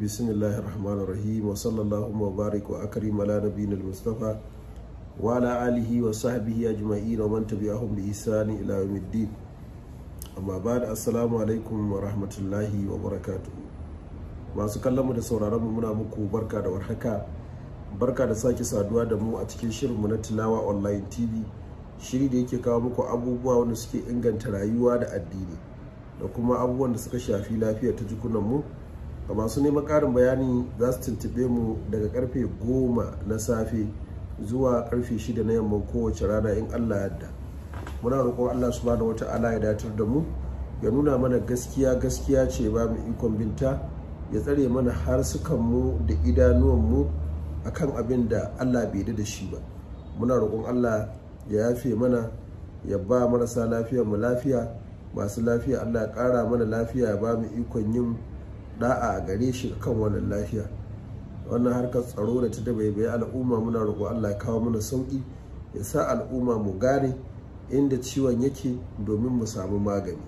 Bisannin rahim RahmanirRahimu, sallallahu alayhi wa bariku al'akari wa'azibin Al'adu bin Mustapha, wa'anda Aliyuhu wa Saha Bihi a Juma'a, na manta biyar a ahofi Sani al'amidin. Amma bani asalamu alaikum wa rahmatullahi wa barakatu. Masu kallon mu da sauraron mu muna muku barka da warhaka. Barka da sake saduwa da mu a cikin shirinmu na tilawa online TV, shiri da yake kawo muku abubuwa wanda suke inganta rayuwa da addini, da kuma abubuwan da suka shafi lafiya ta jikunan mu. masu neman karin bayani za su tuntube mu daga karfe goma na safe zuwa karfe shida na yamma kowace rana in allah yadda muna roƙon allah su wata ala ya datar da mu ya nuna mana gaskiya gaskiya ce ba mu ikon binta ya tsare mana mu da idanuwanmu a kan abin da allah bai da shi ba muna roƙon allah ya yafe mana ya ba marasa lafiyar mu lafiya masu lafiya allah ya ƙara mana lafiya ya ba mu ikon yin da'a a gare shi kan wannan lafiya wannan harkar tsaro da ta bai al'umma muna roƙo Allah ya kawo mana sauki ya sa al'umma mu gane inda ciwon yake domin mu samu magani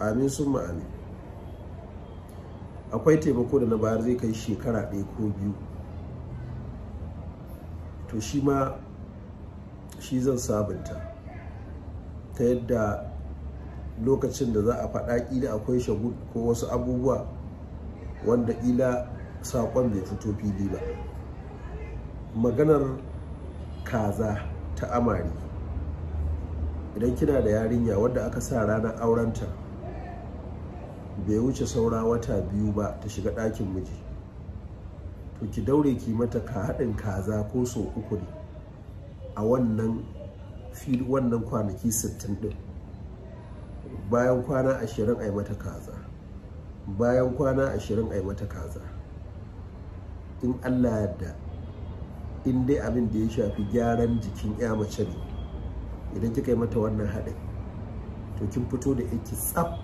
amin sun amin akwai taimako da na bayar zai kai shekara ɗaya ko biyu to shi ma shi zan sabunta ta yadda lokacin da za a faɗa ƙila akwai shagud ko wasu abubuwa wanda ila saƙon bai fito fili ba maganar kaza ta amari idan kina da yarinya wadda aka sa ranar aurenta bai wuce saura wata biyu ba ta shiga ɗakin miji to ki daure ki mata ka haɗin kaza ko so uku ne a wannan wannan kwanaki 60 ɗin bayan kwana ashirin a yi mata kaza bayan kwana ashirin a yi mata kaza in allah yadda in dai abin da ya shafi gyaran jikin ya mace ne idan kika yi mata wannan haɗin to kin fito da yake tsaf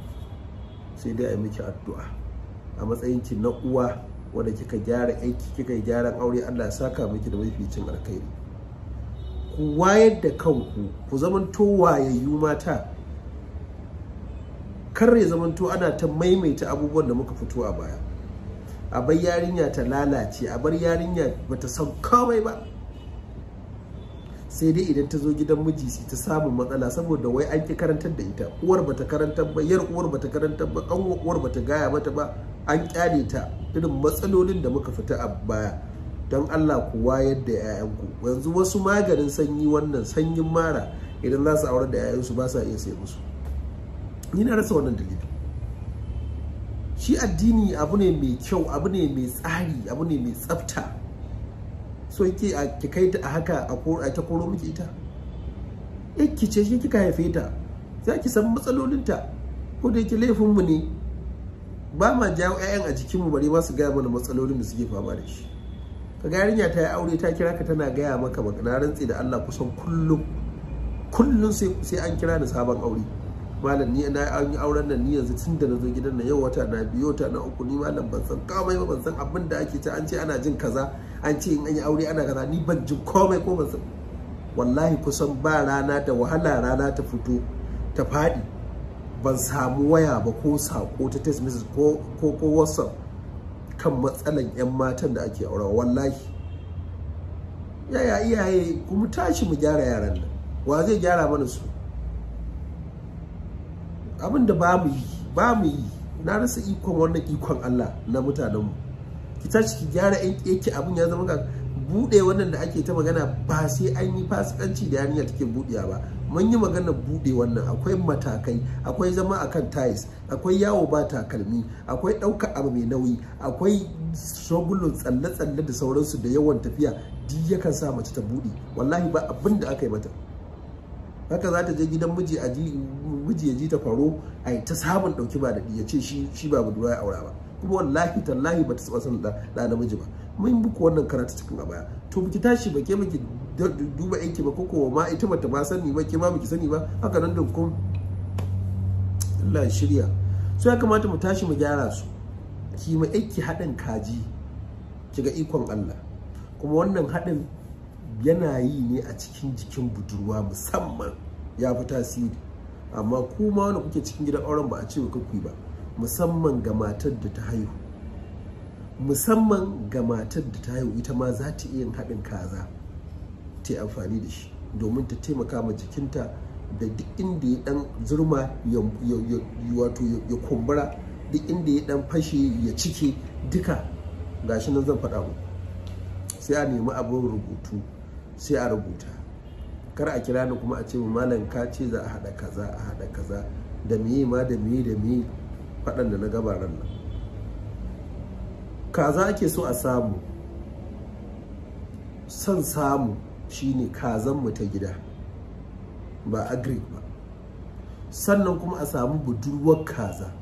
sai dai a yi miki addu'a a matsayin na uwa wanda kika gyara aiki kika yi gyaran aure allah ya saka miki da mafi alkhairi ku wayar da kanku ku zama zamanto wayayyu mata kar ya zamanto ana ta maimaita abubuwan da muka fito a baya a bar yarinya ta lalace a bar yarinya bata san komai ba sai dai idan ta zo gidan miji sai ta samu matsala saboda wai an ki karantar da ita uwar bata karantar ba yar uwar bata karantar ba kanwa uwar bata gaya mata ba an kyale ta irin matsalolin da muka fita a baya don Allah ku wayar da 'ya'yanku yanzu wasu maganin sanyi wannan sanyin mara idan za su aure da 'ya'yansu ba sa iya sai musu ni na rasa wannan dalilin. shi addini abu ne mai kyau abu ne mai tsari abu ne mai tsafta so yake a kai ta haka a ta koro miki ita yake eh, ce shi kika haife ta za ki san matsalolinta ko da yake laifinmu ne ba ma jawo 'ya'yan a jikinmu bare ba su gaya mana matsalolin da suke fama da shi Ka ga yarinya ta yi aure ta kira ka tana gaya maka ba. na rantse da Allah kusan kullum kullum sai an kira da sabon aure malam ni na yi auren nan ni yanzu tun da na zo gidan nan yau wata na biyu wata na uku ni malam ban san komai ba ban san abin da ake ci an ce ana jin kaza an ce in an yi aure ana kaza ni ban jin komai ko ban san wallahi kusan ba rana da wahala rana ta fito ta faɗi ban samu waya ba ko sako ta text message ko ko ko whatsapp kan matsalan yan matan da ake aure wallahi yaya iyaye mu tashi mu gyara yaran nan wa zai gyara mana su abin da ba mu yi ba mu yi na rasa ikon wannan ikon Allah na mutanenmu ki tashi ki gyara yan keke abin ya zama ga buɗe wannan da ake ta magana ba sai an yi fasikanci da yarinya take buɗewa ba mun yi magana buɗe wannan akwai matakai akwai zama akan tiles akwai yawo ba takalmi akwai ɗauka abu mai nauyi akwai shagulun tsalle-tsalle da sauransu da yawan tafiya duk yakan sa mace ta buɗe wallahi ba abin da aka yi mata haka za ta je gidan miji a ji miji ya ji ta faro a ta sabon dauki ba daɗi ya ce shi shi ba budurwa ya aura ba kuma wallahi tallahi ba ta saba san da namiji ba mun buku wannan karatu cikin a baya to biki tashi ba ke miki duba yanki ba koko ma ita bata ba sani ba ke ma miki sani ba haka nan da kun Allah shirya so ya kamata mu tashi mu gyara su ki mu aiki haɗin kaji kiga ikon Allah kuma wannan hadin. yana yi ne a cikin jikin budurwa musamman ya fi tasiri amma kuma wanda kuke cikin gidan auren ba a ce ku ba musamman ga matar da ta haihu musamman ga matar da ta haihu ita ma za ta iya haɗin kaza ta yi amfani da shi domin ta taimaka ma jikinta da duk inda ya ɗan zurma ya kumbura duk inda ya ɗan fashe ya cike duka gashi nan zan faɗa mu sai a nemi abin rubutu sai a rubuta kar a kira ni kuma a ce malam ka ce za a haɗa kaza a haɗa kaza da miyi ma da miyi da miyi faɗan da na gabaran nan kaza ake so a samu son samu shine kazan mu ta gida ba agric ba sannan kuma a samu budurwar kaza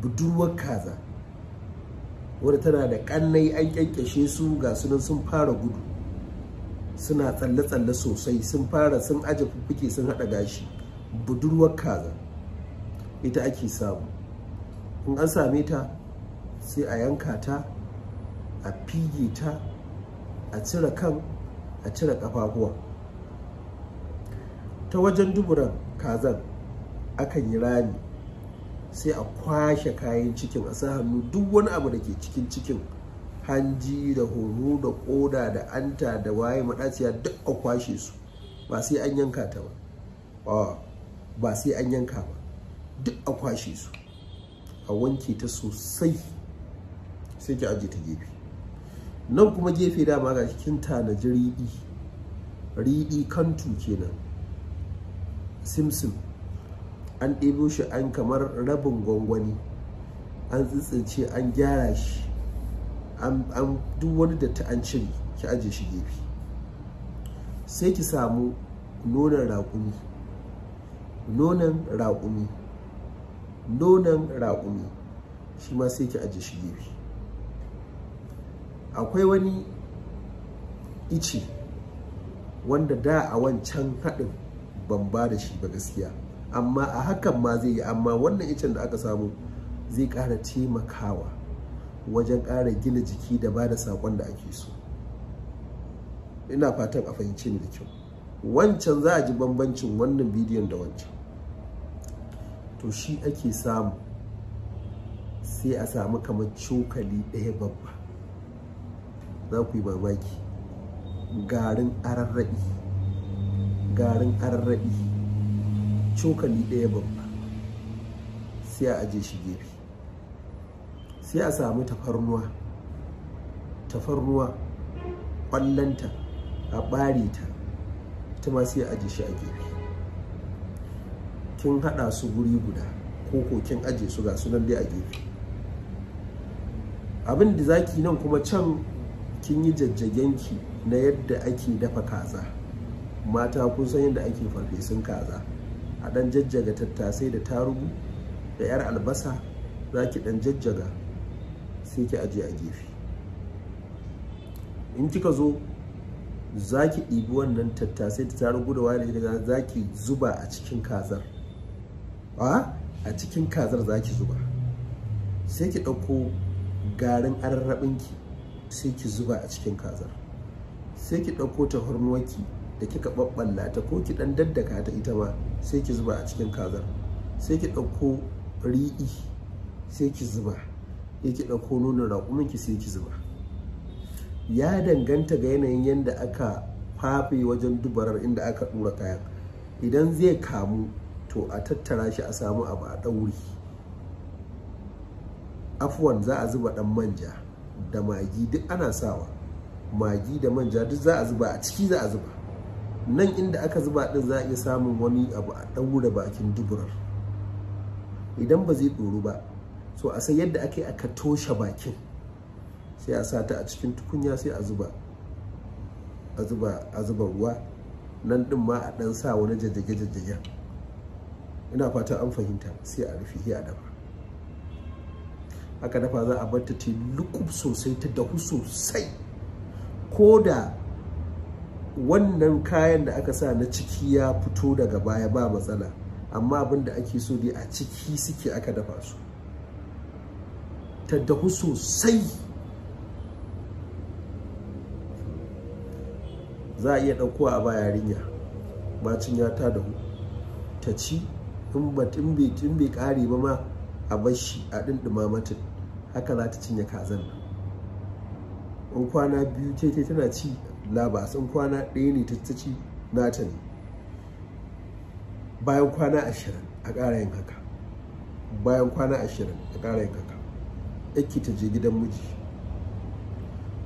budurwar kaza wadda tana da kannai an kyankyashe su ga sunan sun fara gudu suna tsalle-tsalle sosai sun fara sun aje fuffuke sun haɗa gashi budurwar kaza ita ake samu in an same ta sai a yanka ta a fige ta a cire kan a cire kafafuwa ta wajen duburan kazan akan yi rami sai a kwashe kayan cikin a sa hannu duk wani abu da ke cikin cikin hanji da horo da koda da anta da waye maɗaciya duk a kwashe su ba sai an yanka ta ba ba sai an yanka ba duk a kwashe su a wanke ta sosai sai ki aje ta gefe nan kuma gefe dama ga cikin tanaji riɗi riɗi kantu kenan simsim an ɗebo shi an kamar rabin gwangwani an tsitsince an gyara shi an duk wani datti an cire ki aje shi gefe sai ki samu nonon raƙumi nonon raƙumi nonon raƙumi shi ma sai ki aje shi gefe akwai wani ice wanda da a wancan haɗin ban ba da shi ba gaskiya amma a hakan ma zai yi amma wannan icen da aka samu zai ƙara taimakawa wajen ƙara gina jiki da ba da saƙon da ake so ina fatan a fahimci ni da kyau wancan za a ji bambancin wannan bidiyon da wancan to shi ake samu sai a samu kamar cokali ɗaya babba za ku yi mamaki garin ararraɗi garin ararraɗi cokali ɗaya babba sai a aje shi gefe sai a samu tafarnuwa tafarnuwa ƙwallonta a bari ta ita ma sai a shi a gefe kin hada su guri guda ko kin aje su ga sunan dai a gefe abin da zaki nan kuma can kin yi jajjagen ki na yadda ake dafa kaza mata kun san yadda ake farfesun kaza a dan jajjaga tattasai da tarugu da 'yar albasa za ki ɗan jajjaga sai ki aje a gefe in kika zo za ki ɗibi wannan tattasai ta tarin wa da zaki za ki zuba a cikin kazar a cikin kazar za ki zuba sai ki ɗauko garin ki sai ki zuba a cikin kazar sai ki ɗauko ta ki da kika ɓaɓɓalla ta ko ki ɗan daddaka ta ita ma sai ki zuba a cikin kazar sai ki ɗauko ri'i sai ki zuba yake ɗauko nonon raƙumin ki sai ki zuba ya danganta ga yanayin yadda aka fafe wajen dubarar inda aka ɗura kayan idan zai kamu to a tattara shi a samu abu a ɗauri afuwan za a zuba ɗan manja da magi duk ana sawa magi da manja duk za a zuba a ciki za a zuba nan inda aka zuba ɗin za a iya samun wani abu a ɗaure bakin duburar idan ba zai ɗoru ba so a san yadda ake aka toshe bakin sai a sa ta a cikin tukunya sai a zuba a zuba ruwa nan din ma a dan sa wani jajjage jajjage ina fata an fahimta sai a rufe a dafa aka dafa za a bar ta ce lukub sosai ta dahu sosai ko da wannan kayan da aka sa na ciki ya fito daga baya ba matsala amma abin da ake so dai a ciki suke aka dafa su ta dahu sosai za a iya ɗaukowa a ba yarinya bacin ya ta dahu ta ci in bai ƙare ba ma a bashi a ɗinɗima mata haka za ta cinye kazan na in kwana biyu ce tana ci labas in kwana ɗaya ne ta ci nata ne bayan kwana ashirin a ƙara yin haka bayan kwana ashirin a ƙara yin haka yake ta je gidan miji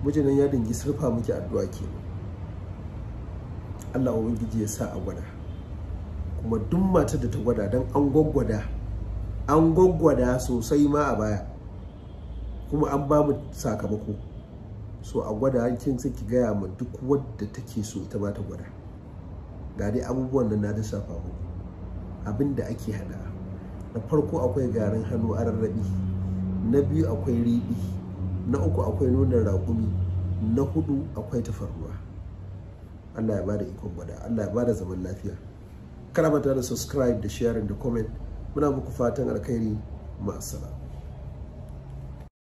mijinan ya dingi surfa miki addu'a ke Allah ubangiji ya sa a gwada kuma duk matar da ta gwada dan an gwaggwada an gwaggwada sosai ma a baya kuma an ba mu sakamako so a gwada kin saki ki gaya mu duk wadda take so ita bata ta gwada ga dai abubuwan nan na da safa abinda ake hada na farko akwai garin hannu an rarrabe na biyu akwai riɗi na uku akwai nuna raƙumi na hudu akwai tafarnuwa allah ya ba da ikon gwada allah ya ba da zaman lafiya karamata da subscribe da sharing da comment muna muku fatan alkhairi ma'asala